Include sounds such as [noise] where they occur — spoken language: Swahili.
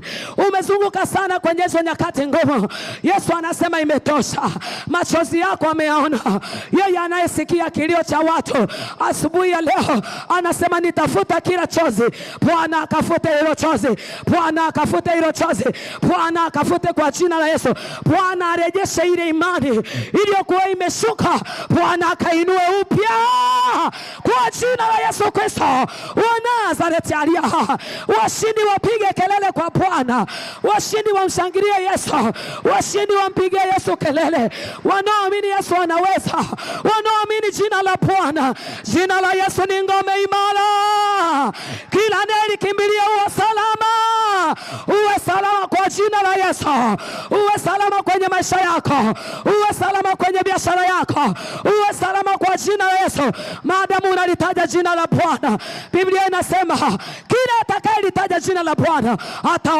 [laughs] Umezunguka sana kwenye hizo nyakati ngumu. Yesu anasema imetosha, machozi yako ameyaona. Yeye anayesikia kilio cha watu asubuhi ya leo anasema nitafuta kila chozi. Bwana akafute hilo chozi, Bwana akafute hilo chozi, Bwana akafute kwa jina la Yesu. Bwana arejeshe ile imani iliyokuwa imeshuka, Bwana akainue upya kwa jina la Yesu Kristo wa Nazareti. Alia washindi wapige kelele kwa Bwana. Bwana. Washindi wamshangilie Yesu, washindi wampigie Yesu kelele. Wanaoamini Yesu anaweza, wanaoamini jina la Bwana. Jina la Yesu ni ngome imara, kila kimbilia, uwe salama, uwe salama kwa jina la Yesu, uwe salama kwenye maisha yako, uwe salama kwenye biashara yako, uwe salama kwa jina la Yesu. Maadamu unalitaja jina la Bwana, Biblia inasema kila atakayelitaja jina la Bwana ata